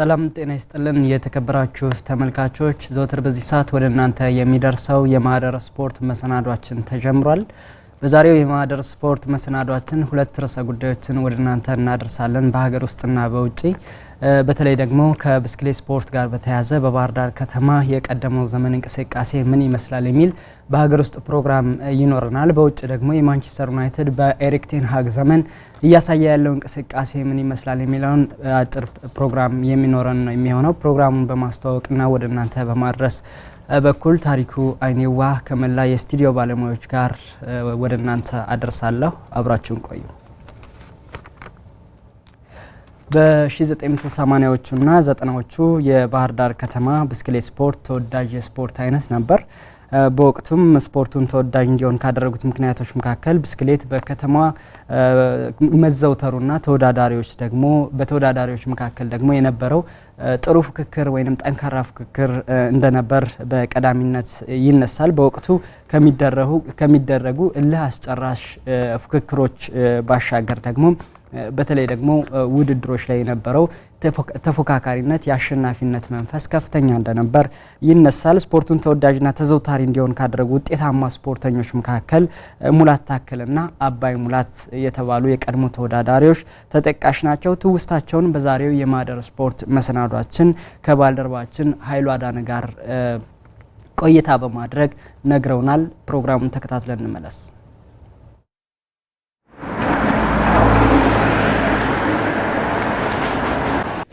ሰላም ጤና ይስጥልን። የተከበራችሁ ተመልካቾች ዘወትር በዚህ ሰዓት ወደ እናንተ የሚደርሰው የማህደር ስፖርት መሰናዷችን ተጀምሯል። በዛሬው የማህደር ስፖርት መሰናዷችን ሁለት ርዕሰ ጉዳዮችን ወደ እናንተ እናደርሳለን በሀገር ውስጥና በውጪ በተለይ ደግሞ ከብስክሌት ስፖርት ጋር በተያያዘ በባህር ዳር ከተማ የቀደመው ዘመን እንቅስቃሴ ምን ይመስላል የሚል በሀገር ውስጥ ፕሮግራም ይኖረናል። በውጭ ደግሞ የማንቸስተር ዩናይትድ በኤሪክ ቴን ዘመን እያሳየ ያለው እንቅስቃሴ ምን ይመስላል የሚለውን አጭር ፕሮግራም የሚኖረን ነው የሚሆነው። ፕሮግራሙን በማስተዋወቅና ወደ እናንተ በማድረስ በኩል ታሪኩ አይኔዋ ከመላ የስቱዲዮ ባለሙያዎች ጋር ወደ እናንተ አደርሳለሁ። አብራችሁን ቆዩ። በ1980ዎቹና ዘጠናዎቹ የባህር ዳር ከተማ ብስክሌት ስፖርት ተወዳጅ የስፖርት አይነት ነበር። በወቅቱም ስፖርቱን ተወዳጅ እንዲሆን ካደረጉት ምክንያቶች መካከል ብስክሌት በከተማ መዘውተሩና ተወዳዳሪዎች ደግሞ በተወዳዳሪዎች መካከል ደግሞ የነበረው ጥሩ ፍክክር ወይም ጠንካራ ፍክክር እንደነበር በቀዳሚነት ይነሳል። በወቅቱ ከሚደረጉ እልህ አስጨራሽ ፍክክሮች ባሻገር ደግሞ በተለይ ደግሞ ውድድሮች ላይ የነበረው ተፎካካሪነት የአሸናፊነት መንፈስ ከፍተኛ እንደነበር ይነሳል። ስፖርቱን ተወዳጅና ተዘውታሪ እንዲሆን ካደረጉ ውጤታማ ስፖርተኞች መካከል ሙላት ታክልና አባይ ሙላት የተባሉ የቀድሞ ተወዳዳሪዎች ተጠቃሽ ናቸው። ትውስታቸውን በዛሬው የማደር ስፖርት መሰናዷችን ከባልደረባችን ኃይሉ አዳነ ጋር ቆይታ በማድረግ ነግረውናል። ፕሮግራሙን ተከታትለን እንመለስ።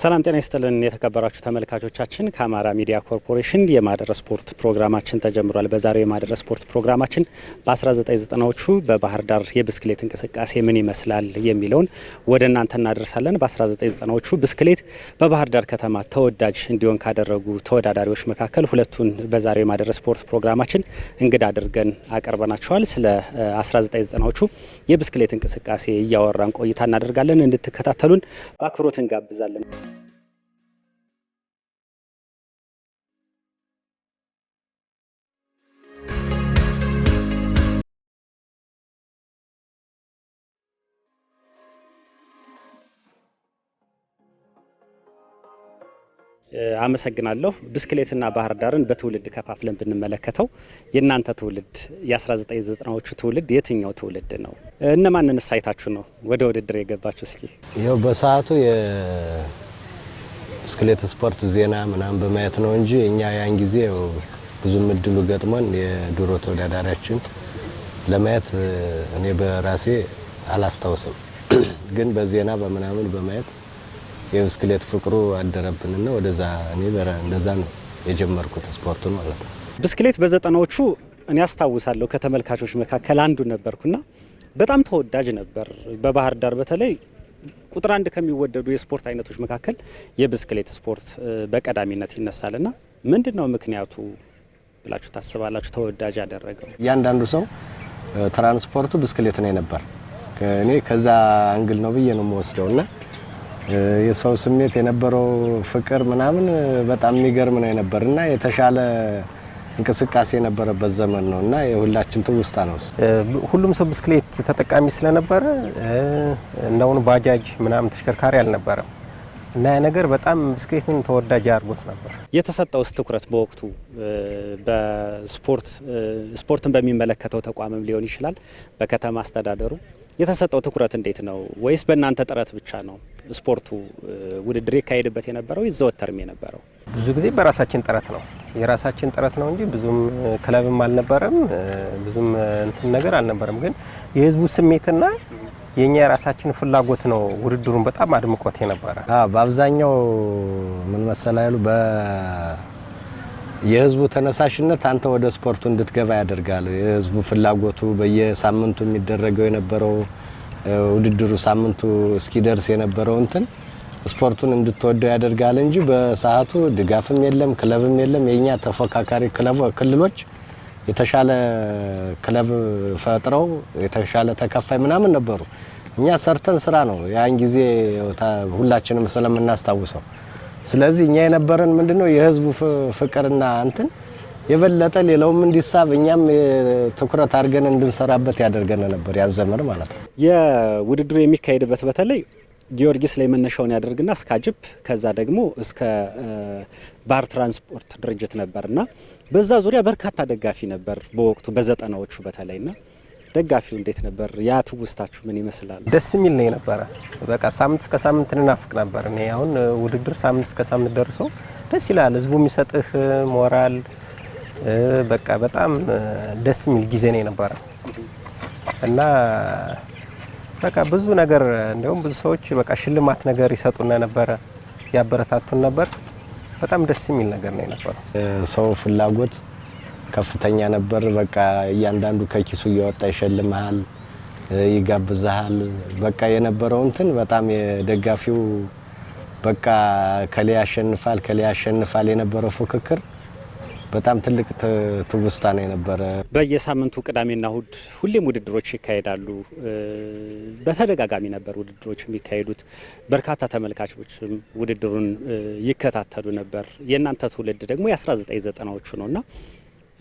ሰላም ጤና ይስጥልን የተከበራችሁ ተመልካቾቻችን፣ ከአማራ ሚዲያ ኮርፖሬሽን የማደረ ስፖርት ፕሮግራማችን ተጀምሯል። በዛሬው የማደረ ስፖርት ፕሮግራማችን በ1990ዎቹ በባህር ዳር የብስክሌት እንቅስቃሴ ምን ይመስላል የሚለውን ወደ እናንተ እናደርሳለን። በ1990ዎቹ ብስክሌት በባህር ዳር ከተማ ተወዳጅ እንዲሆን ካደረጉ ተወዳዳሪዎች መካከል ሁለቱን በዛሬው የማደረ ስፖርት ፕሮግራማችን እንግዳ አድርገን አቀርበናቸዋል። ስለ 1990ዎቹ የብስክሌት እንቅስቃሴ እያወራን ቆይታ እናደርጋለን። እንድትከታተሉን በአክብሮት እንጋብዛለን። አመሰግናለሁ። ብስክሌትና ባህር ዳርን በትውልድ ከፋፍለን ብንመለከተው የእናንተ ትውልድ የ1990ዎቹ ትውልድ የትኛው ትውልድ ነው? እነማንን ሳይታችሁ ነው ወደ ውድድር የገባችሁ? እስኪ ይኸው በሰዓቱ የብስክሌት ስፖርት ዜና ምናምን በማየት ነው እንጂ እኛ ያን ጊዜ ብዙም እድሉ ገጥሞን የድሮ ተወዳዳሪያችን ለማየት እኔ በራሴ አላስታውስም፣ ግን በዜና በምናምን በማየት የብስክሌት ፍቅሩ አደረብንና ወደዛ እኔ እንደዛ ነው የጀመርኩት ስፖርቱን ማለት ነው። ብስክሌት በዘጠናዎቹ እኔ አስታውሳለሁ ከተመልካቾች መካከል አንዱ ነበርኩና በጣም ተወዳጅ ነበር። በባህር ዳር በተለይ ቁጥር አንድ ከሚወደዱ የስፖርት አይነቶች መካከል የብስክሌት ስፖርት በቀዳሚነት ይነሳልና ምንድን ነው ምክንያቱ ብላችሁ ታስባላችሁ? ተወዳጅ ያደረገው እያንዳንዱ ሰው ትራንስፖርቱ ብስክሌት ነው ነበር። እኔ ከዛ አንግል ነው ብዬ ነው የምወስደውና የሰው ስሜት የነበረው ፍቅር ምናምን በጣም የሚገርም ነው የነበር እና የተሻለ እንቅስቃሴ የነበረበት ዘመን ነው እና የሁላችን ትውስታ ነው። ሁሉም ሰው ብስክሌት ተጠቃሚ ስለነበረ እንደሁኑ ባጃጅ ምናምን ተሽከርካሪ አልነበረም እና ያ ነገር በጣም ብስክሌትን ተወዳጅ አድርጎት ነበር። የተሰጠውስ ትኩረት በወቅቱ በስፖርት ስፖርትን በሚመለከተው ተቋምም ሊሆን ይችላል፣ በከተማ አስተዳደሩ የተሰጠው ትኩረት እንዴት ነው? ወይስ በእናንተ ጥረት ብቻ ነው? ስፖርቱ ውድድር ይካሄድበት የነበረው ይዘወተርም የነበረው ብዙ ጊዜ በራሳችን ጥረት ነው የራሳችን ጥረት ነው እንጂ ብዙም ክለብም አልነበረም ብዙም እንትን ነገር አልነበረም። ግን የህዝቡ ስሜትና የኛ የራሳችን ፍላጎት ነው ውድድሩን በጣም አድምቆት የነበረ። በአብዛኛው ምን መሰላ ያሉ የህዝቡ ተነሳሽነት አንተ ወደ ስፖርቱ እንድትገባ ያደርጋል። የህዝቡ ፍላጎቱ በየሳምንቱ የሚደረገው የነበረው ውድድሩ ሳምንቱ እስኪደርስ የነበረው እንትን ስፖርቱን እንድትወደው ያደርጋል እንጂ በሰዓቱ ድጋፍም የለም፣ ክለብም የለም። የእኛ ተፎካካሪ ክልሎች የተሻለ ክለብ ፈጥረው የተሻለ ተከፋይ ምናምን ነበሩ። እኛ ሰርተን ስራ ነው ያን ጊዜ ሁላችንም ስለምናስታውሰው። ስለዚህ እኛ የነበረን ምንድነው የህዝቡ ፍቅርና እንትን የበለጠ ሌላውም እንዲሳብ እኛም ትኩረት አድርገን እንድንሰራበት ያደርገን ነበር ያን ዘመን ማለት ነው። የውድድሩ የሚካሄድበት በተለይ ጊዮርጊስ ላይ መነሻውን ያደርግና እስከ አጅብ ከዛ ደግሞ እስከ ባህር ትራንስፖርት ድርጅት ነበርና በዛ ዙሪያ በርካታ ደጋፊ ነበር በወቅቱ በዘጠናዎቹ በተለይና ደጋፊው እንዴት ነበር? ያ ትውስታችሁ ምን ይመስላል? ደስ የሚል ነው የነበረ። በቃ ሳምንት እስከ ሳምንት እንናፍቅ ነበር። እኔ አሁን ውድድር ሳምንት እስከ ሳምንት ደርሶ ደስ ይላል። ህዝቡ የሚሰጥህ ሞራል በቃ በጣም ደስ የሚል ጊዜ ነው የነበረው እና በቃ ብዙ ነገር እንዲሁም ብዙ ሰዎች በቃ ሽልማት ነገር ይሰጡና ነበረ፣ ያበረታቱን ነበር። በጣም ደስ የሚል ነገር ነው የነበረው። ሰው ፍላጎት ከፍተኛ ነበር። በቃ እያንዳንዱ ከኪሱ እያወጣ ይሸልመሃል፣ ይጋብዝሃል። በቃ የነበረው እንትን በጣም የደጋፊው በቃ ከላይ ያሸንፋል ከላይ ያሸንፋል የነበረው ፉክክር በጣም ትልቅ ትውስታ ነው የነበረ። በየሳምንቱ ቅዳሜና እሁድ ሁሌም ውድድሮች ይካሄዳሉ። በተደጋጋሚ ነበር ውድድሮች የሚካሄዱት። በርካታ ተመልካቾችም ውድድሩን ይከታተሉ ነበር። የእናንተ ትውልድ ደግሞ የ1990ዎቹ ነው እና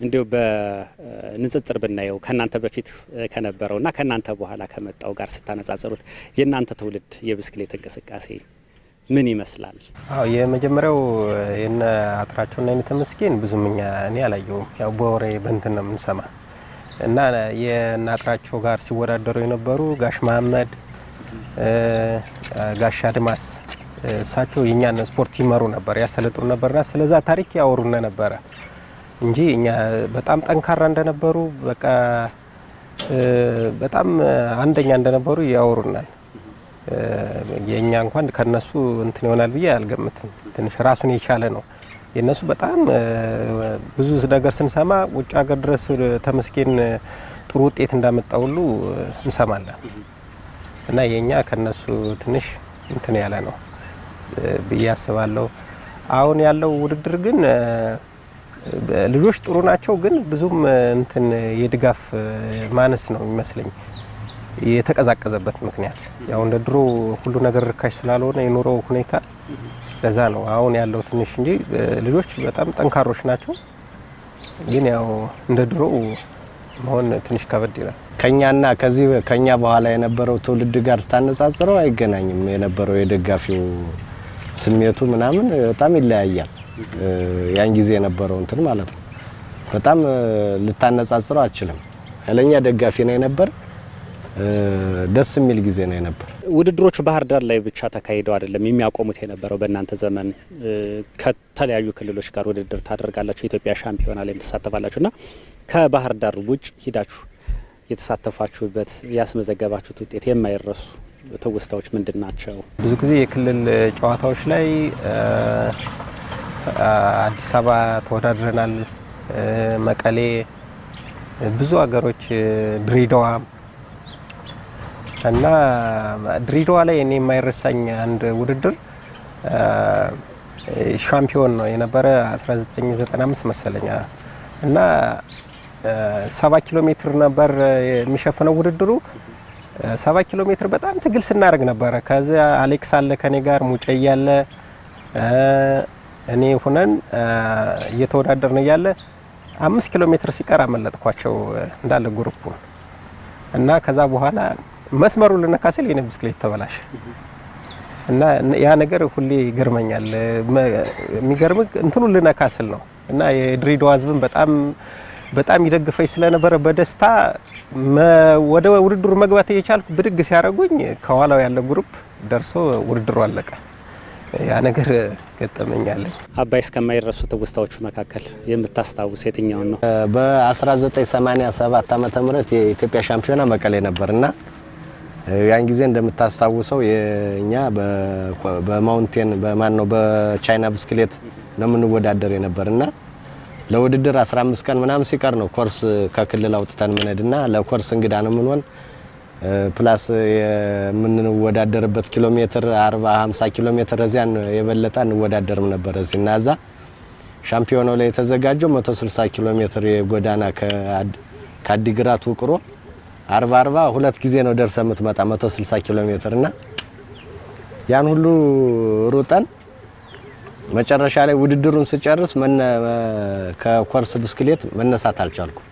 እንዲሁ በንጽጽር ብናየው ከእናንተ በፊት ከነበረውና ከእናንተ በኋላ ከመጣው ጋር ስታነጻጽሩት የእናንተ ትውልድ የብስክሌት እንቅስቃሴ ምን ይመስላል? አዎ የመጀመሪያው የነ አጥራቸውና አይነ ተመስገን ብዙም እኛ እኔ አላየውም። ያው በወሬ በእንትን ነው የምንሰማ እና የነ አጥራቸው ጋር ሲወዳደሩ የነበሩ ጋሽ መሀመድ፣ ጋሽ አድማስ እሳቸው የእኛን ስፖርት ይመሩ ነበር ያሰለጥሩ ነበርና ስለዛ ታሪክ ያወሩነ ነበረ እንጂ እኛ በጣም ጠንካራ እንደነበሩ በቃ በጣም አንደኛ እንደነበሩ ያወሩናል። የእኛ እንኳን ከነሱ እንትን ይሆናል ብዬ አልገምትም። ትንሽ ራሱን የቻለ ነው። የእነሱ በጣም ብዙ ነገር ስንሰማ ውጭ ሀገር ድረስ ተመስገን ጥሩ ውጤት እንዳመጣ ሁሉ እንሰማለን እና የእኛ ከነሱ ትንሽ እንትን ያለ ነው ብዬ አስባለሁ። አሁን ያለው ውድድር ግን ልጆች ጥሩ ናቸው፣ ግን ብዙም እንትን የድጋፍ ማነስ ነው የሚመስለኝ። የተቀዛቀዘበት ምክንያት ያው እንደ ድሮ ሁሉ ነገር ርካሽ ስላልሆነ የኑሮ ሁኔታ ለዛ ነው አሁን ያለው ትንሽ እንጂ ልጆች በጣም ጠንካሮች ናቸው። ግን ያው እንደ ድሮ መሆን ትንሽ ከበድ ይላል። ከኛና ከዚህ ከኛ በኋላ የነበረው ትውልድ ጋር ስታነጻጽረው አይገናኝም። የነበረው የደጋፊው ስሜቱ ምናምን በጣም ይለያያል። ያን ጊዜ የነበረው እንትን ማለት ነው። በጣም ልታነጻጽረው አችልም። ለእኛ ደጋፊ ነው የነበር ደስ የሚል ጊዜ ነው የነበር። ውድድሮች ባህር ዳር ላይ ብቻ ተካሂደው አይደለም የሚያቆሙት የነበረው። በእናንተ ዘመን ከተለያዩ ክልሎች ጋር ውድድር ታደርጋላችሁ፣ የኢትዮጵያ ሻምፒዮና ላይም ተሳተፋላችሁ እና ከባህር ዳር ውጭ ሂዳችሁ የተሳተፋችሁበት ያስመዘገባችሁት ውጤት የማይረሱ ትውስታዎች ምንድን ናቸው? ብዙ ጊዜ የክልል ጨዋታዎች ላይ አዲስ አበባ ተወዳድረናል፣ መቀሌ፣ ብዙ ሀገሮች፣ ድሬዳዋ እና ድሬዳዋ ላይ እኔ የማይረሳኝ አንድ ውድድር ሻምፒዮን ነው የነበረ 1995 መሰለኛ እና ሰባ ኪሎ ሜትር ነበር የሚሸፍነው ውድድሩ። ሰባ ኪሎ ሜትር በጣም ትግል ስናደርግ ነበረ። ከዚያ አሌክስ አለ ከኔ ጋር ሙጬ እያለ እኔ ሁነን እየተወዳደር ነው እያለ አምስት ኪሎ ሜትር ሲቀር አመለጥኳቸው እንዳለ ጉሩፑን እና ከዛ በኋላ መስመሩ ልነካ ስል የኔ ብስክሌት ተበላሸ እና ያ ነገር ሁሌ ይገርመኛል። የሚገርም እንትኑን ልነካ ስል ነው እና የድሬዳዋ ሕዝብን በጣም በጣም ይደግፈኝ ስለነበረ በደስታ ወደ ውድድሩ መግባት እየቻልኩ ብድግ ሲያደርጉኝ ከኋላው ያለ ግሩፕ ደርሶ ውድድሩ አለቀ። ያ ነገር ገጠመኛለን። አባይ እስከማይረሱ ትውስታዎቹ መካከል የምታስታውስ የትኛውን ነው? በ1987 ዓ ም የኢትዮጵያ ሻምፒዮና መቀሌ ነበርና ያን ጊዜ እንደምታስታውሰው የኛ በማውንቴን በማን ነው በቻይና ብስክሌት ነው የምንወዳደር የነበርና ለውድድር 15 ቀን ምናምን ሲቀር ነው ኮርስ ከክልል አውጥተን ምንድና ለኮርስ እንግዳ ነው ምንሆን ፕላስ የምንወዳደርበት ኪሎ ሜትር 40 50 ኪሎ ሜትር እዚያን የበለጠ እንወዳደርም ነበር። እዚህ እና እዛ ሻምፒዮናው ላይ የተዘጋጀው 160 ኪሎ ሜትር የጎዳና ከአዲግራት ውቅሮ አርባ አርባ ሁለት ጊዜ ነው ደርሰ የምትመጣ 160 ኪሎ ሜትር እና ያን ሁሉ ሩጠን መጨረሻ ላይ ውድድሩን ስጨርስ ከኮርስ ብስክሌት መነሳት አልቻልኩም።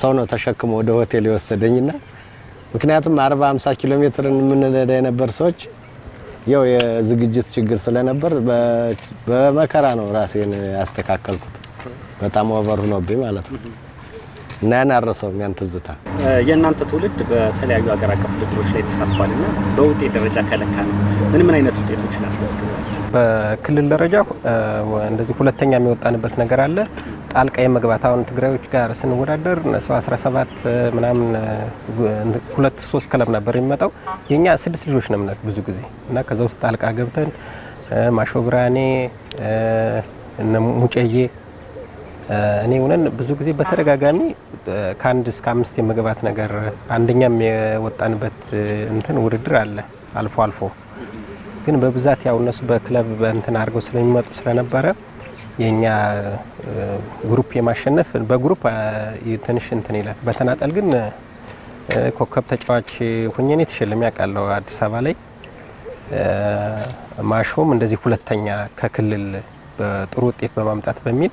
ሰው ነው ተሸክሞ ወደ ሆቴል የወሰደኝና ምክንያቱም 40 50 ኪሎ ሜትርን የምንነዳ የነበር ሰዎች ያው የዝግጅት ችግር ስለነበር በመከራ ነው ራሴን ያስተካከልኩት። በጣም ኦቨር ሆኖብኝ ማለት ነው። እና ያን አረሰውም ያን ትዝታ የእናንተ ትውልድ በተለያዩ ሀገር አቀፍ ውድድሮች ላይ ተሳትፏል እና በውጤት ደረጃ ከለካ ነው ምን ምን አይነት ውጤቶችን አስመዝግቧል? በክልል ደረጃ እንደዚህ ሁለተኛ የሚወጣንበት ነገር አለ። ጣልቃ የመግባት አሁን ትግራዮች ጋር ስንወዳደር እነሱ 17 ምናምን ሁለት ሶስት ክለብ ነበር የሚመጣው የእኛ ስድስት ልጆች ነው ምነት ብዙ ጊዜ እና ከዛ ውስጥ ጣልቃ ገብተን ማሾብራኔ ሙጨዬ እኔ ሆነን ብዙ ጊዜ በተደጋጋሚ ከአንድ እስከ አምስት የመግባት ነገር አንደኛም የወጣንበት እንትን ውድድር አለ አልፎ አልፎ ግን በብዛት ያው እነሱ በክለብ በእንትን አድርገው ስለሚመጡ ስለነበረ የእኛ ግሩፕ የማሸነፍ በግሩፕ ትንሽ እንትን ይላል። በተናጠል ግን ኮከብ ተጫዋች ሁኘኔ ተሸልሜ ያውቃለሁ። አዲስ አበባ ላይ ማሾም እንደዚህ ሁለተኛ ከክልል በጥሩ ውጤት በማምጣት በሚል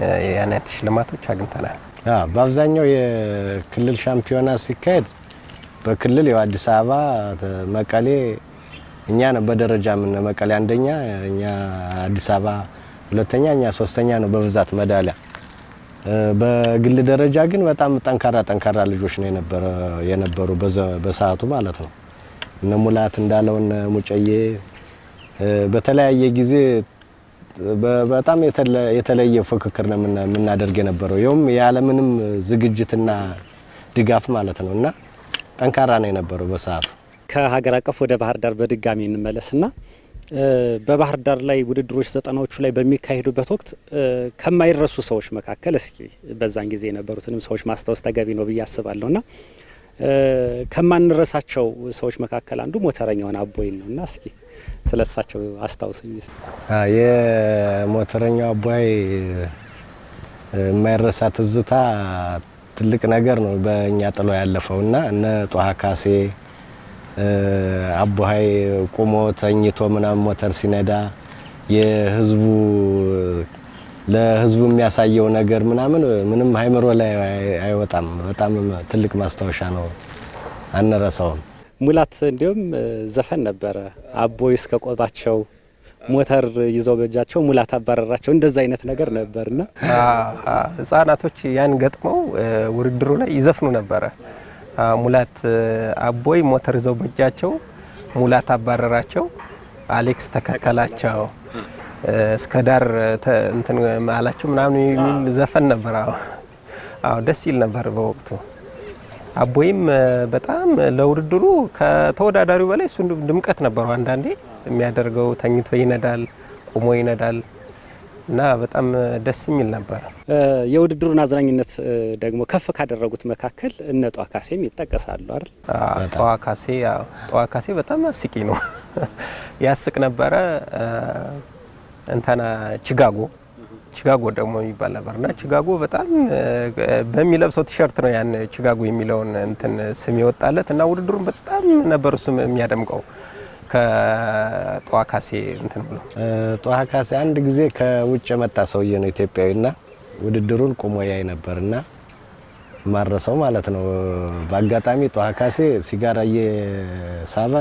የአይነት ሽልማቶች አግኝተናል። በአብዛኛው የክልል ሻምፒዮና ሲካሄድ በክልል ያው አዲስ አበባ፣ መቀሌ እኛ ነው በደረጃ ምን መቀሌ አንደኛ፣ እኛ አዲስ አበባ ሁለተኛ፣ እኛ ሶስተኛ ነው በብዛት መዳሊያ። በግል ደረጃ ግን በጣም ጠንካራ ጠንካራ ልጆች ነው የነበሩ በሰዓቱ ማለት ነው። እነ ሙላት እንዳለው እነ ሙጨዬ በተለያየ ጊዜ በጣም የተለየ ፉክክር ነው የምናደርግ የነበረው ይኸውም ያለምንም ዝግጅትና ድጋፍ ማለት ነው እና ጠንካራ ነው የነበረው በሰዓቱ። ከሀገር አቀፍ ወደ ባህር ዳር በድጋሚ እንመለስና በባህር ዳር ላይ ውድድሮች ዘጠናዎቹ ላይ በሚካሄዱበት ወቅት ከማይረሱ ሰዎች መካከል እስኪ በዛን ጊዜ የነበሩትንም ሰዎች ማስታወስ ተገቢ ነው ብዬ አስባለሁ ና ከማንረሳቸው ሰዎች መካከል አንዱ ሞተረኛውን አቦይን ነው እና እስኪ ስለሳቸው አስታውሱኝ። የሞተረኛው አባይ የማይረሳ ትዝታ ትልቅ ነገር ነው በእኛ ጥሎ ያለፈው እና እነ ጧሃ ካሴ አቡሀይ ቁሞ ተኝቶ ምናምን ሞተር ሲነዳ የህዝቡ ለህዝቡ የሚያሳየው ነገር ምናምን ምንም አይምሮ ላይ አይወጣም። በጣም ትልቅ ማስታወሻ ነው፣ አንረሳውም። ሙላት እንዲሁም ዘፈን ነበረ አቦይ እስከ ቆባቸው ሞተር ይዘው በእጃቸው ሙላት አባረራቸው እንደዛ አይነት ነገር ነበርና ህጻናቶች ያን ገጥመው ውድድሩ ላይ ይዘፍኑ ነበረ። ሙላት አቦይ ሞተር ይዘው በእጃቸው ሙላት አባረራቸው፣ አሌክስ ተከተላቸው እስከ ዳር እንትን ማላቸው ምናምን የሚል ዘፈን ነበር። አዎ ደስ ይል ነበር በወቅቱ። አቦይም በጣም ለውድድሩ ከተወዳዳሪው በላይ እሱ ድምቀት ነበረው። አንዳንዴ የሚያደርገው ተኝቶ ይነዳል፣ ቁሞ ይነዳል እና በጣም ደስ የሚል ነበር። የውድድሩን አዝናኝነት ደግሞ ከፍ ካደረጉት መካከል እነ ጠዋ ካሴም ይጠቀሳሉ አይደል? ጠዋ ካሴ ጠዋ ካሴ በጣም አስቂ ነው፣ ያስቅ ነበረ። እንተና ችጋጎ ችጋጎ ደግሞ የሚባል ነበርና ችጋጎ በጣም በሚለብሰው ቲሸርት ነው ያን ችጋጎ የሚለውን እንትን ስም ይወጣለት እና ውድድሩን በጣም ነበር እሱም የሚያደምቀው ከጠዋ ካሴ እንትን ብሎ ጠዋ ካሴ አንድ ጊዜ ከውጭ የመጣ ሰውዬ ነው ኢትዮጵያዊ ና ውድድሩን ቁሞ ያይ ነበርና ማረሰው ማለት ነው። በአጋጣሚ ጠዋ ካሴ ሲጋራ እየሳበ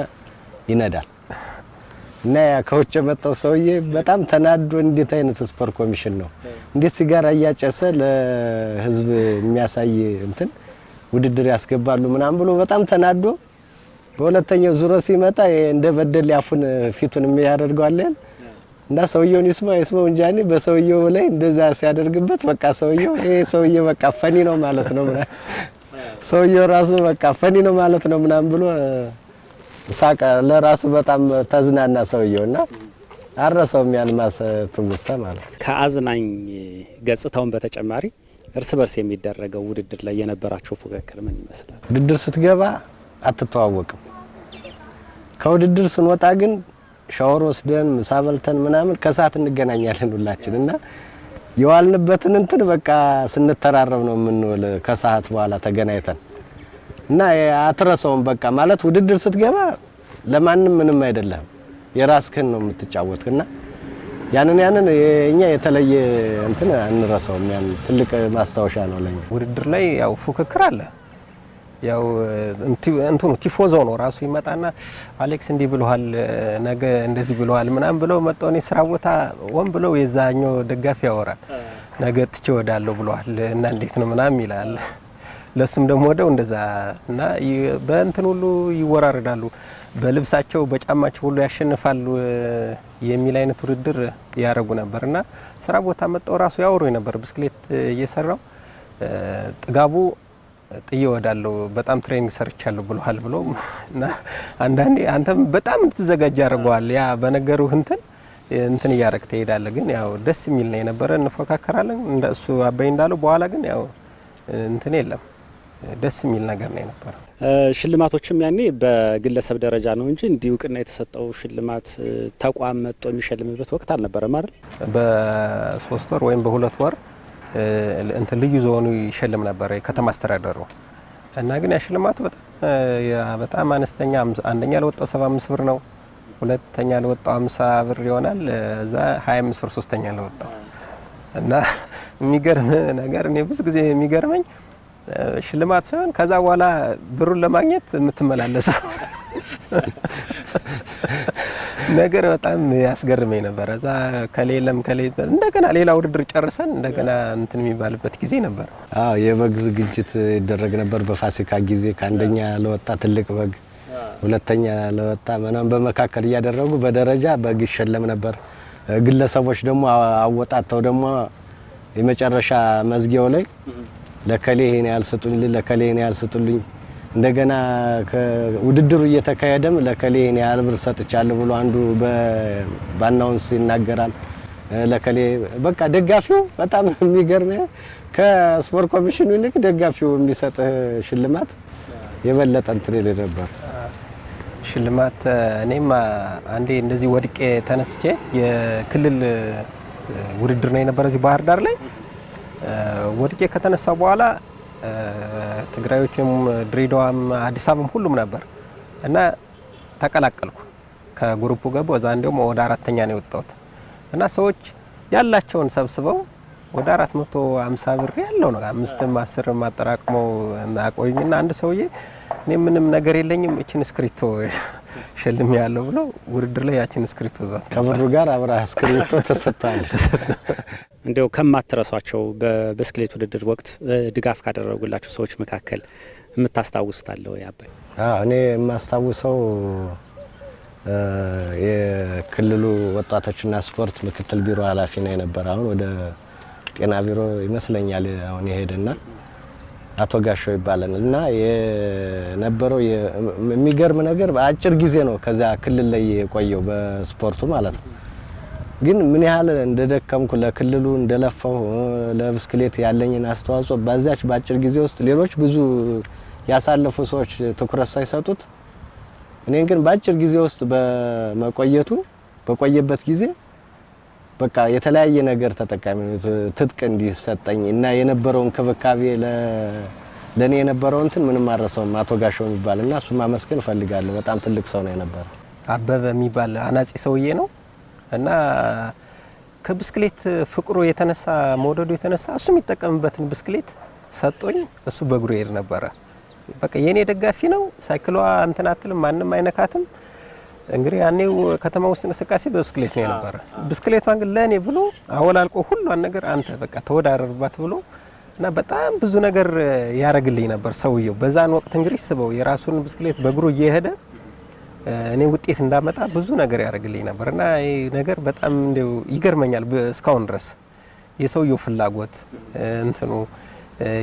ይነዳል እና ከውጭ የመጣው ሰውዬ በጣም ተናዶ እንዴት አይነት ስፖርት ኮሚሽን ነው እንዴት ሲጋራ እያጨሰ ለህዝብ የሚያሳይ እንትን ውድድር ያስገባሉ ምናምን ብሎ በጣም ተናዶ በሁለተኛው ዙሮ ሲመጣ እንደ በደል ያፉን ፊቱን የሚያደርገዋለን እና ሰውየውን ይስማ ይስማው እንጂ እኔ በሰውየው ላይ እንደዛ ሲያደርግበት በቃ ሰውየው ይሄ ሰውየው በቃ ፈኒ ነው ማለት ነው ምናምን ሰውየው ራሱ በቃ ፈኒ ነው ማለት ነው ምናምን ብሎ ሳቀ ለራሱ በጣም ተዝናና ሰውየው እና አረሰውም ያን ማስ ትውስታ ማለት ነው። ከአዝናኝ ገጽታውን በተጨማሪ እርስ በርስ የሚደረገው ውድድር ላይ የነበራቸው ፉክክር ምን ይመስላል? ውድድር ስትገባ አትተዋወቅም። ከውድድር ስንወጣ ግን ሻወር ወስደን ምሳ በልተን ምናምን ከሰዓት እንገናኛለን ሁላችን እና የዋልንበትን እንትን በቃ ስንተራረብ ነው የምንውል ከሰዓት በኋላ ተገናኝተን እና አትረሰውም በቃ ማለት ውድድር ስትገባ ለማንም ምንም አይደለም፣ የራስህን ነው የምትጫወት እና ያንን ያንን እኛ የተለየ እንትን አንረሰውም። ያን ትልቅ ማስታወሻ ነው ለኛ። ውድድር ላይ ያው ፉክክር አለ። ያው እንትኑ ቲፎዞ ነው ራሱ ይመጣና አሌክስ እንዲህ ብለዋል፣ ነገ እንደዚህ ብለዋል ምናምን ብለው መጣው እኔ ስራ ቦታ ወን ብለው የዛኛው ደጋፊ ያወራል፣ ነገ ትቼ ወዳለሁ ብለዋል እና እንዴት ነው ምናምን ይላል ለሱም ደግሞ ወደው እንደዛ እና በእንትን ሁሉ ይወራረዳሉ፣ በልብሳቸው በጫማቸው ሁሉ ያሸንፋሉ የሚል አይነት ውድድር ያደረጉ ነበር እና ስራ ቦታ መጣው ራሱ ያወሩ ነበር። ብስክሌት እየሰራው ጥጋቡ ጥዬ ወዳለው በጣም ትሬኒንግ ሰርቻለሁ ብለሃል ብሎ እና አንዳንዴ አንተም በጣም ትዘጋጅ ያደርገዋል ያ በነገሩ እንትን እንትን እያረግ ትሄዳለ። ግን ያው ደስ የሚል ነው የነበረ፣ እንፎካከራለን እንደ እሱ አበይ እንዳለው። በኋላ ግን ያው እንትን የለም ደስ የሚል ነገር ነው የነበረው። ሽልማቶችም ያኔ በግለሰብ ደረጃ ነው እንጂ እንዲህ እውቅና የተሰጠው ሽልማት ተቋም መጥቶ የሚሸልምበት ወቅት አልነበረም አይደል? በሶስት ወር ወይም በሁለት ወር እንትን ልዩ ዞኑ ይሸልም ነበረ የከተማ አስተዳደሩ እና ግን ያ ሽልማቱ በጣም አነስተኛ አንደኛ ለወጣው ሰባ አምስት ብር ነው። ሁለተኛ ለወጣው አምሳ ብር ይሆናል። እዛ ሀያ አምስት ብር ሶስተኛ ለወጣው እና የሚገርም ነገር እኔ ብዙ ጊዜ የሚገርመኝ ሽልማት ሳይሆን ከዛ በኋላ ብሩን ለማግኘት የምትመላለሰው ነገር በጣም ያስገርመኝ ነበር እዛ ከሌለም ከሌ እንደገና ሌላ ውድድር ጨርሰን እንደገና እንትን የሚባልበት ጊዜ ነበር። አዎ የበግ ዝግጅት ይደረግ ነበር በፋሲካ ጊዜ። ከአንደኛ ለወጣ ትልቅ በግ፣ ሁለተኛ ለወጣ ምናምን በመካከል እያደረጉ በደረጃ በግ ይሸለም ነበር። ግለሰቦች ደግሞ አወጣተው ደግሞ የመጨረሻ መዝጊያው ላይ ለከሌ ይሄን ያልሰጡኝ ለከሌ ይሄን ያህል እንደገና ውድድሩ እየተካሄደም ለከሌ ይሄን ያህል ብር ሰጥቻለሁ ብሎ አንዱ በአናውንስ ይናገራል። ለከሌ በቃ ደጋፊው በጣም የሚገርም ከስፖርት ኮሚሽኑ ይልቅ ደጋፊው የሚሰጥ ሽልማት የበለጠ እንትን ይል ነበር። ሽልማት እኔም አንዴ እንደዚህ ወድቄ ተነስቼ የክልል ውድድር ነው የነበረ እዚህ ባህር ዳር ላይ ወድቄ ከተነሳ በኋላ ትግራዮችም ድሬዳዋም አዲስ አበባም ሁሉም ነበር እና ተቀላቀልኩ። ከግሩፑ ገባ። እዛ እንዲሁም ወደ አራተኛ ነው የወጣሁት እና ሰዎች ያላቸውን ሰብስበው ወደ አራት መቶ አምሳ ብር ያለው ነው አምስትም አስርም አጠራቅመው አቆዩኝና አንድ ሰውዬ እኔ ምንም ነገር የለኝም እችን እስክሪቶ ሸልም ያለው ብሎ ውድድር ላይ ያችን እስክሪቶ ዛ ከብሩ ጋር አብራ እስክሪቶ ተሰጥቷል። እንዲው ከማትረሷቸው በብስክሌት ውድድር ወቅት ድጋፍ ካደረጉላቸው ሰዎች መካከል የምታስታውሱት አለው? ያባይ እኔ የማስታውሰው የክልሉ ወጣቶችና ስፖርት ምክትል ቢሮ ኃላፊ ነው የነበረ። አሁን ወደ ጤና ቢሮ ይመስለኛል አሁን የሄደና አቶ ጋሻው ይባላል እና የነበረው የሚገርም ነገር በአጭር ጊዜ ነው ከዛ ክልል ላይ የቆየው በስፖርቱ ማለት ነው። ግን ምን ያህል እንደደከምኩ ለክልሉ እንደለፈው ለብስክሌት ያለኝን አስተዋጽኦ በዛች በአጭር ጊዜ ውስጥ ሌሎች ብዙ ያሳለፉ ሰዎች ትኩረት ሳይሰጡት እኔን ግን በአጭር ጊዜ ውስጥ በመቆየቱ በቆየበት ጊዜ በቃ የተለያየ ነገር ተጠቃሚ ትጥቅ እንዲሰጠኝ እና የነበረውን እንክብካቤ ለእኔ የነበረው እንትን ምንም አረሰውም። አቶ ጋሻው የሚባል እና እሱ ማመስገን እፈልጋለሁ። በጣም ትልቅ ሰው ነው የነበረ። አበበ የሚባል አናጺ ሰውዬ ነው እና ከብስክሌት ፍቅሩ የተነሳ መውደዱ የተነሳ እሱ የሚጠቀምበትን ብስክሌት ሰጦኝ፣ እሱ በእግሩ ይሄድ ነበረ። በቃ የእኔ ደጋፊ ነው። ሳይክሏ እንትን አትልም፣ ማንም አይነካትም። እንግዲህ ያኔ ከተማ ውስጥ እንቅስቃሴ በብስክሌት ነው የነበረ። ብስክሌቷን ግን ለእኔ ብሎ አወላልቆ ሁሏን ነገር አንተ በቃ ተወዳደርባት ብሎ እና በጣም ብዙ ነገር ያደረግልኝ ነበር ሰውየው። በዛን ወቅት እንግዲህ ስበው የራሱን ብስክሌት በእግሩ እየሄደ እኔ ውጤት እንዳመጣ ብዙ ነገር ያደረግልኝ ነበር እና ይህ ነገር በጣም እንደው ይገርመኛል እስካሁን ድረስ የሰውየው ፍላጎት እንትኑ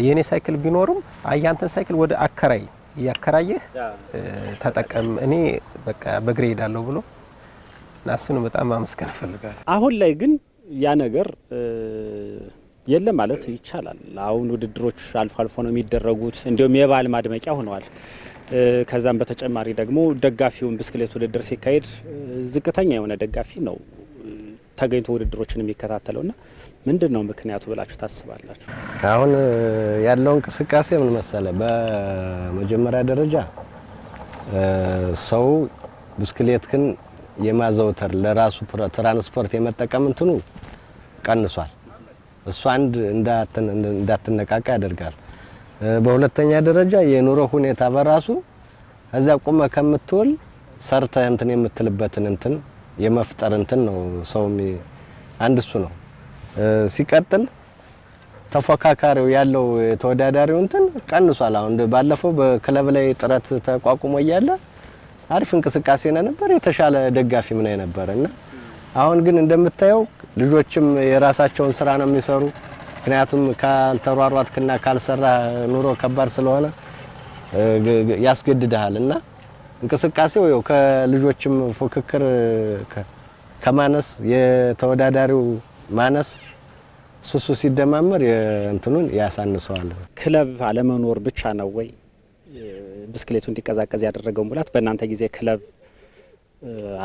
የእኔ ሳይክል ቢኖርም አያንተን ሳይክል ወደ አከራይ እያከራየህ ተጠቀም። እኔ በቃ በግሬ ሄዳለሁ ብሎ እሱን በጣም ማመስገን እፈልጋለሁ። አሁን ላይ ግን ያ ነገር የለም ማለት ይቻላል። አሁን ውድድሮች አልፎ አልፎ ነው የሚደረጉት፣ እንዲሁም የበዓል ማድመቂያ ሆነዋል። ከዛም በተጨማሪ ደግሞ ደጋፊውን ብስክሌት ውድድር ሲካሄድ ዝቅተኛ የሆነ ደጋፊ ነው ተገኝቶ ውድድሮችን የሚከታተለውና ምንድን ነው ምክንያቱ ብላችሁ ታስባላችሁ? አሁን ያለው እንቅስቃሴ ምን መሰለ፣ በመጀመሪያ ደረጃ ሰው ብስክሌትን የማዘውተር ለራሱ ትራንስፖርት የመጠቀም እንትኑ ቀንሷል። እሱ አንድ እንዳትነቃቃ ያደርጋል። በሁለተኛ ደረጃ የኑሮ ሁኔታ በራሱ እዚያ ቁመ ከምትውል ሰርተ እንትን የምትልበትን እንትን የመፍጠር እንትን ነው ሰው አንድ እሱ ነው። ሲቀጥል ተፎካካሪው ያለው ተወዳዳሪው እንትን ቀንሷል። አሁን ባለፈው በክለብ ላይ ጥረት ተቋቁሞ እያለ አሪፍ እንቅስቃሴ ነበር፣ የተሻለ ደጋፊ ምን ነበር እና አሁን ግን እንደምታየው ልጆችም የራሳቸውን ስራ ነው የሚሰሩ። ምክንያቱም ካልተሯሯጥክና ካልሰራ ኑሮ ከባድ ስለሆነ ያስገድድሃል እና እንቅስቃሴው ያው ከልጆችም ፉክክር ከማነስ የተወዳዳሪው ማነስ ሱሱ ሲደማመር እንትኑን ያሳንሰዋል። ክለብ አለመኖር ብቻ ነው ወይ ብስክሌቱ እንዲቀዛቀዝ ያደረገው? ሙላት በእናንተ ጊዜ ክለብ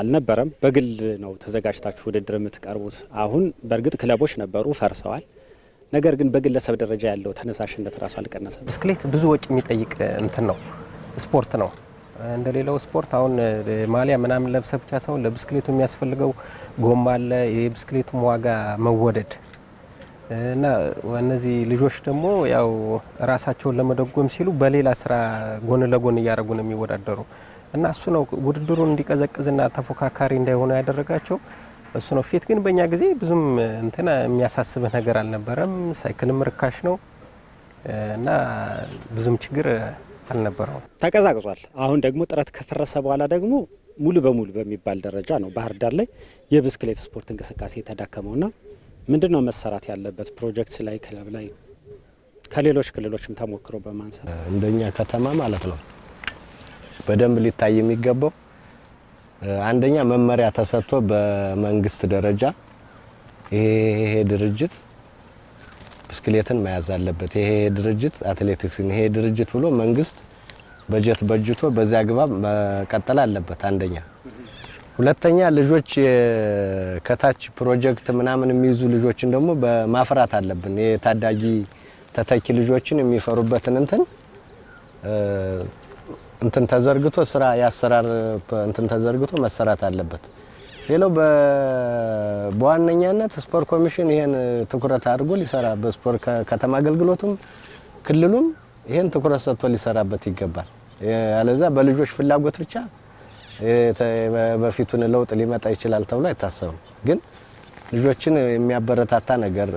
አልነበረም፣ በግል ነው ተዘጋጅታችሁ ውድድር የምትቀርቡት። አሁን በእርግጥ ክለቦች ነበሩ፣ ፈርሰዋል። ነገር ግን በግለሰብ ደረጃ ያለው ተነሳሽነት ራሱ አልቀነሰም። ብስክሌት ብዙ ወጪ የሚጠይቅ እንትን ነው፣ ስፖርት ነው። እንደሌላው ስፖርት አሁን ማሊያ ምናምን ለብሰ ብቻ ሳይሆን ለብስክሌቱ የሚያስፈልገው ጎማ አለ፣ የብስክሌቱም ዋጋ መወደድ እና እነዚህ ልጆች ደግሞ ያው ራሳቸውን ለመደጎም ሲሉ በሌላ ስራ ጎን ለጎን እያደረጉ ነው የሚወዳደሩ እና እሱ ነው ውድድሩን እንዲቀዘቅዝና ተፎካካሪ እንዳይሆኑ ያደረጋቸው እሱ ነው። ፊት ግን በእኛ ጊዜ ብዙም እንትና የሚያሳስብህ ነገር አልነበረም። ሳይክልም ርካሽ ነው እና ብዙም ችግር አልነበረውም። ተቀዛቅዟል። አሁን ደግሞ ጥረት ከፈረሰ በኋላ ደግሞ ሙሉ በሙሉ በሚባል ደረጃ ነው ባህር ዳር ላይ የብስክሌት ስፖርት እንቅስቃሴ የተዳከመውና ምንድን ነው መሰራት ያለበት ፕሮጀክት ላይ ክለብ ላይ ከሌሎች ክልሎችም ተሞክሮ በማንሳት እንደኛ ከተማ ማለት ነው በደንብ ሊታይ የሚገባው አንደኛ መመሪያ ተሰጥቶ በመንግስት ደረጃ ይሄ ድርጅት ብስክሌትን መያዝ አለበት፣ ይሄ ድርጅት አትሌቲክስን፣ ይሄ ድርጅት ብሎ መንግስት በጀት በጅቶ በዚያ አግባብ መቀጠል አለበት። አንደኛ ሁለተኛ ልጆች ከታች ፕሮጀክት ምናምን የሚይዙ ልጆችን ደግሞ በማፍራት አለብን። የታዳጊ ተተኪ ልጆችን የሚፈሩበትን እንትን እንትን ተዘርግቶ ስራ የአሰራር እንትን ተዘርግቶ መሰራት አለበት። ሌላው በዋነኛነት ስፖርት ኮሚሽን ይሄን ትኩረት አድርጎ ሊሰራ በስፖርት ከተማ አገልግሎቱም ክልሉም ይሄን ትኩረት ሰጥቶ ሊሰራበት ይገባል። ያለዛ በልጆች ፍላጎት ብቻ በፊቱን ለውጥ ሊመጣ ይችላል ተብሎ አይታሰብም። ግን ልጆችን የሚያበረታታ ነገር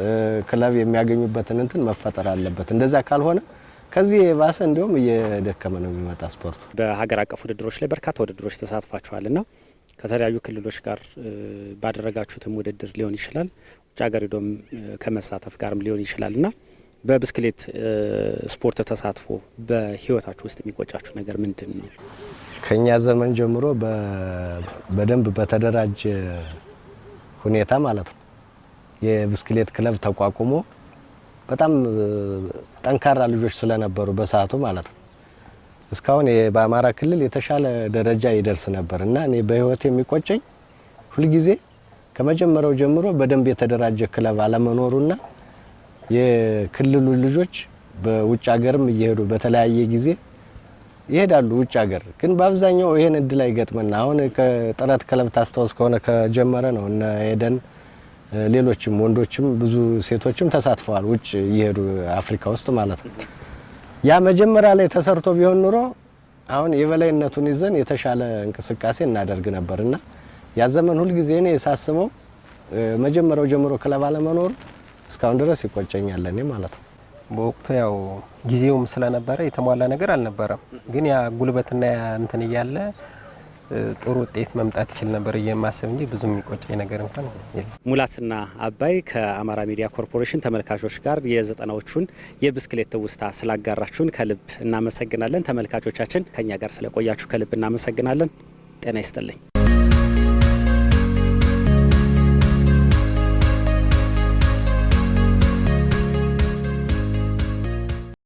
ክለብ የሚያገኙበትን እንትን መፈጠር አለበት። እንደዛ ካልሆነ ከዚህ የባሰ እንዲሁም እየደከመ ነው የሚመጣ ስፖርቱ። በሀገር አቀፍ ውድድሮች ላይ በርካታ ውድድሮች ተሳትፋችኋልና ከተለያዩ ክልሎች ጋር ባደረጋችሁትም ውድድር ሊሆን ይችላል፣ ውጭ ሀገር ሄዶም ከመሳተፍ ጋርም ሊሆን ይችላል እና በብስክሌት ስፖርት ተሳትፎ በህይወታችሁ ውስጥ የሚቆጫችሁ ነገር ምንድን ነው? ከኛ ዘመን ጀምሮ በደንብ በተደራጀ ሁኔታ ማለት ነው የብስክሌት ክለብ ተቋቁሞ በጣም ጠንካራ ልጆች ስለነበሩ በሰዓቱ ማለት ነው እስካሁን በአማራ ክልል የተሻለ ደረጃ ይደርስ ነበር እና እኔ በህይወት የሚቆጨኝ ሁልጊዜ ከመጀመሪያው ጀምሮ በደንብ የተደራጀ ክለብ አለመኖሩና የክልሉ ልጆች በውጭ ሀገርም እየሄዱ በተለያየ ጊዜ ይሄዳሉ ውጭ ሀገር። ግን በአብዛኛው ይሄን እድል አይገጥምና አሁን ከጥረት ክለብ ታስታውስ ከሆነ ከጀመረ ነው እነ ሄደን ሌሎችም ወንዶችም ብዙ ሴቶችም ተሳትፈዋል ውጭ እየሄዱ አፍሪካ ውስጥ ማለት ነው። ያ መጀመሪያ ላይ ተሰርቶ ቢሆን ኑሮ አሁን የበላይነቱን ይዘን የተሻለ እንቅስቃሴ እናደርግ ነበር እና ያ ዘመን ሁልጊዜ እኔ የሳስበው መጀመሪያው ጀምሮ ክለብ አለመኖሩ እስካሁን ድረስ ይቆጨኛል እኔ ማለት ነው። በወቅቱ ያው ጊዜውም ስለነበረ የተሟላ ነገር አልነበረም። ግን ያ ጉልበትና እንትን እያለ ጥሩ ውጤት መምጣት ይችል ነበር የማስብ እንጂ ብዙ የሚቆጭ ነገር እንኳን ሙላትና አባይ ከአማራ ሚዲያ ኮርፖሬሽን ተመልካቾች ጋር የዘጠናዎቹን የብስክሌት ትውስታ ስላጋራችሁን ከልብ እናመሰግናለን። ተመልካቾቻችን ከኛ ጋር ስለቆያችሁ ከልብ እናመሰግናለን። ጤና ይስጥልኝ።